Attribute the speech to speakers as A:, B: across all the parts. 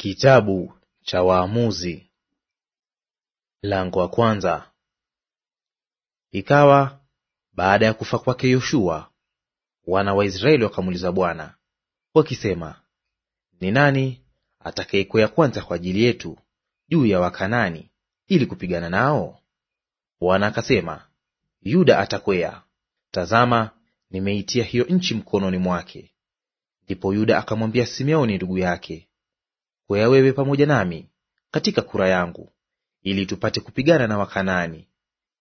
A: Kitabu cha Waamuzi lango wa kwanza. Ikawa baada ya kufa kwake Yoshua, wana wa Israeli wakamuuliza Bwana wakisema, ni nani atakayekwea kwanza kwa ajili yetu juu ya Wakanani ili kupigana nao? Bwana akasema, Yuda atakwea; tazama, nimeitia hiyo nchi mkononi mwake. Ndipo Yuda akamwambia Simeoni ndugu yake, Kwea wewe pamoja nami katika kura yangu, ili tupate kupigana na Wakanaani;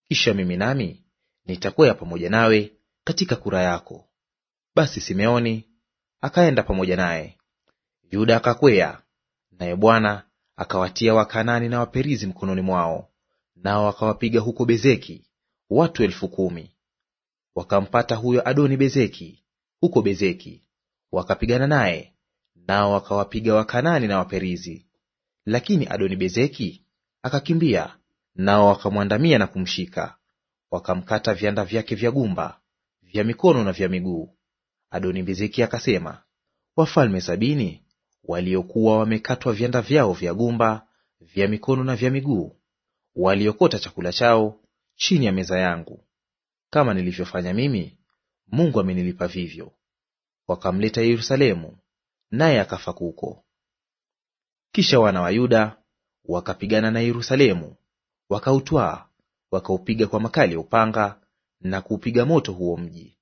A: kisha mimi nami nitakwea pamoja nawe katika kura yako. Basi Simeoni akaenda pamoja naye, Yuda akakwea naye, Bwana akawatia Wakanaani na Waperizi mkononi mwao, nao wakawapiga huko Bezeki watu elfu kumi. Wakampata huyo Adoni Bezeki huko Bezeki, wakapigana naye nao wakawapiga wakanani na Waperizi. Lakini Adoni Bezeki akakimbia, nao wakamwandamia na kumshika, wakamkata vianda vyake vya gumba vya mikono na vya miguu. Adoni Bezeki akasema, wafalme sabini waliokuwa wamekatwa vianda vyao vya gumba vya mikono na vya miguu waliokota chakula chao chini ya meza yangu. Kama nilivyofanya mimi, Mungu amenilipa vivyo. Wakamleta Yerusalemu naye akafa kuko. Kisha wana wa Yuda wakapigana na Yerusalemu, wakautwaa, wakaupiga kwa makali ya upanga na kuupiga moto huo mji.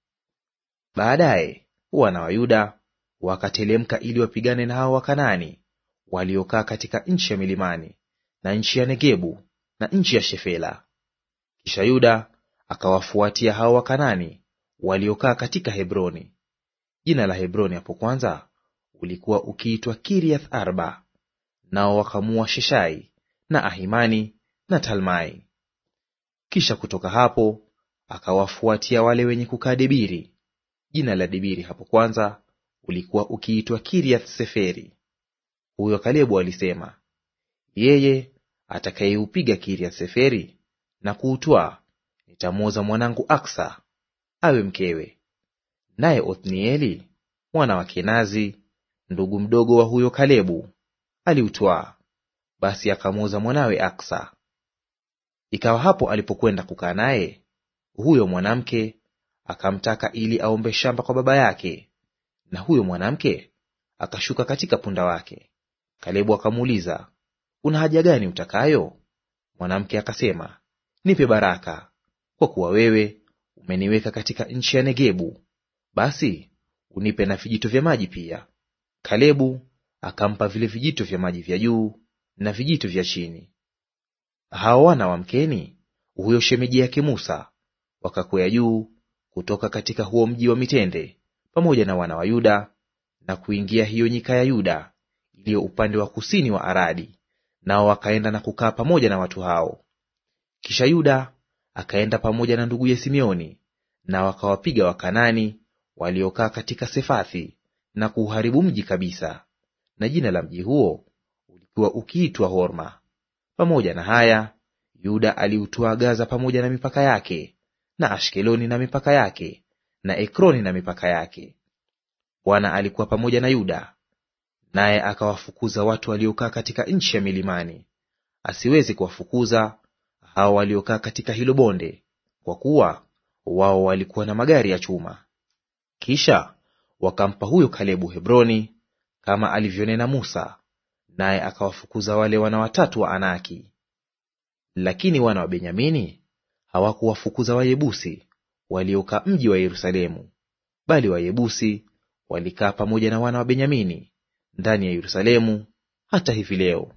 A: Baadaye wana wa Yuda wakatelemka ili wapigane na hao Wakanani waliokaa katika nchi ya milimani na nchi ya Negebu na nchi ya Shefela. Kisha Yuda akawafuatia hao Wakanani waliokaa katika Hebroni. Jina la Hebroni hapo kwanza ulikuwa ukiitwa Kiriath Arba, nao wakamua Sheshai na Ahimani na Talmai. Kisha kutoka hapo akawafuatia wale wenye kukaa Debiri. Jina la Debiri hapo kwanza ulikuwa ukiitwa Kiriath Seferi. Huyo Kalebu alisema, yeye atakayeupiga Kiriath Seferi na kuutwaa, nitamwoza mwanangu Aksa awe mkewe. Naye Othnieli mwana wa Kenazi ndugu mdogo wa huyo Kalebu, aliutwaa. Basi akamwoza mwanawe Aksa. Ikawa hapo alipokwenda kukaa naye, huyo mwanamke akamtaka ili aombe shamba kwa baba yake, na huyo mwanamke akashuka katika punda wake. Kalebu akamuuliza, una haja gani utakayo? Mwanamke akasema, nipe baraka, kwa kuwa wewe umeniweka katika nchi ya Negebu, basi unipe na vijito vya maji pia. Kalebu akampa vile vijito vya maji vya juu na vijito vya chini. Hao wana wa Mkeni, huyo shemeji yake Musa, wakakwea juu kutoka katika huo mji wa mitende pamoja na wana wa Yuda na kuingia hiyo nyika ya Yuda iliyo upande wa kusini wa Aradi, nao wakaenda na kukaa pamoja na watu hao. Kisha Yuda akaenda pamoja na ndugu ya Simeoni, na wakawapiga Wakanani waliokaa katika Sefathi na kuuharibu mji kabisa, na jina la mji huo ulikuwa ukiitwa Horma. Pamoja na haya, Yuda aliutoa Gaza pamoja na mipaka yake, na Ashkeloni na mipaka yake, na Ekroni na mipaka yake. Bwana alikuwa pamoja na Yuda, naye akawafukuza watu waliokaa katika nchi ya milimani; asiweze kuwafukuza hao waliokaa katika hilo bonde, kwa kuwa wao walikuwa na magari ya chuma. Kisha wakampa huyo Kalebu Hebroni kama alivyonena Musa, naye akawafukuza wale wana watatu wa Anaki. Lakini wana wa Benyamini hawakuwafukuza Wayebusi waliokaa mji wa Yerusalemu, bali Wayebusi walikaa pamoja na wana wa Benyamini ndani ya Yerusalemu hata hivi leo.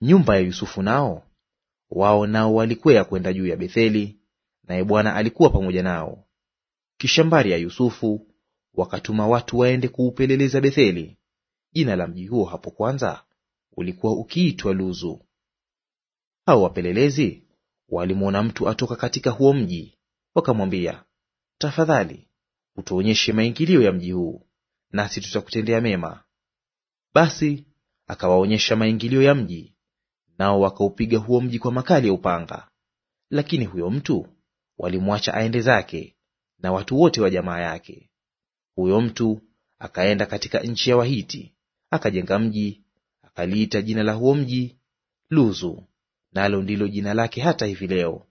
A: Nyumba ya Yusufu nao wao nao walikwea kwenda juu ya Betheli, naye Bwana alikuwa pamoja nao. Kisha mbari ya Yusufu wakatuma watu waende kuupeleleza Betheli. Jina la mji huo hapo kwanza ulikuwa ukiitwa Luzu. Hao wapelelezi walimwona mtu atoka katika huo mji, wakamwambia, tafadhali utuonyeshe maingilio ya mji huu, nasi tutakutendea mema. Basi akawaonyesha maingilio ya mji, nao wakaupiga huo mji kwa makali ya upanga. Lakini huyo mtu walimwacha aende zake na watu wote wa jamaa yake. Huyo mtu akaenda katika nchi ya Wahiti, akajenga mji, akaliita jina la huo mji Luzu, nalo ndilo jina lake hata hivi leo.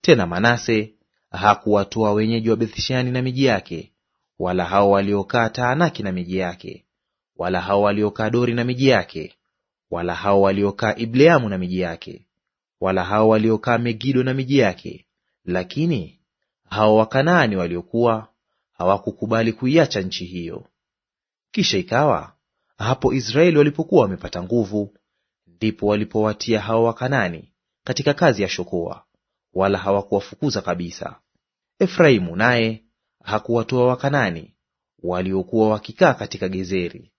A: Tena Manase hakuwatoa wenyeji wa Bethshani na miji yake, wala hao waliokaa Taanaki na miji yake, wala hao waliokaa Dori na miji yake, wala hao waliokaa Ibleamu na miji yake, wala hao waliokaa Megido na miji yake, lakini hao Wakanaani waliokuwa hawakukubali kuiacha nchi hiyo. Kisha ikawa hapo Israeli walipokuwa wamepata nguvu, ndipo walipowatia hao Wakanani katika kazi ya shokoa, wala hawakuwafukuza kabisa. Efraimu naye hakuwatoa Wakanani waliokuwa wakikaa katika Gezeri,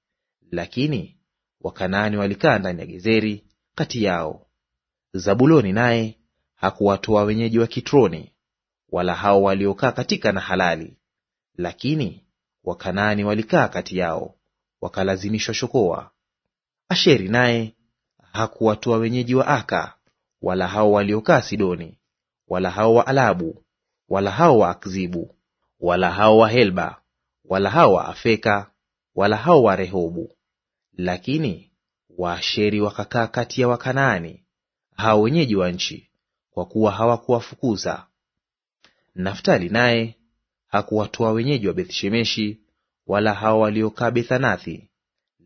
A: lakini Wakanani walikaa ndani ya Gezeri kati yao. Zabuloni naye hakuwatoa wenyeji wa Kitroni, wala hao waliokaa katika Nahalali, lakini Wakanaani walikaa kati yao, wakalazimishwa shokoa. Asheri naye hakuwatoa wenyeji wa Aka, wala hao waliokaa Sidoni, wala hao wa Alabu, wala hao wa Akzibu, wala hao wa Helba, wala hao wa Afeka, wala hao wa Rehobu. Lakini Waasheri wakakaa kati ya Wakanaani, hao wenyeji wa nchi, kwa kuwa hawakuwafukuza. Naftali naye hakuwatoa wenyeji wa Bethshemeshi wala hao waliokaa Bethanathi,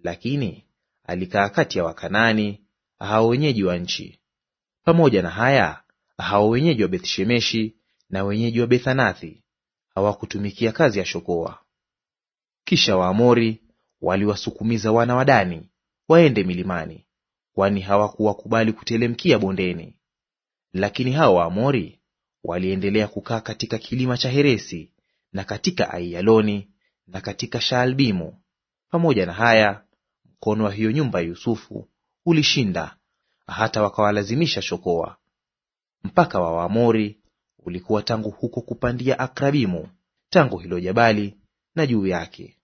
A: lakini alikaa kati ya Wakanaani hao wenyeji wa nchi. Pamoja na haya, hao wenyeji wa Bethshemeshi na wenyeji wa Bethanathi hawakutumikia kazi ya shokoa. Kisha Waamori waliwasukumiza wana wa Dani waende milimani, kwani hawakuwakubali kutelemkia bondeni. Lakini hao Waamori waliendelea kukaa katika kilima cha Heresi na katika Aiyaloni na katika Shaalbimu. Pamoja na haya, mkono wa hiyo nyumba ya Yusufu ulishinda, hata wakawalazimisha shokoa. Mpaka wa Waamori ulikuwa tangu huko kupandia Akrabimu, tangu hilo jabali na juu yake.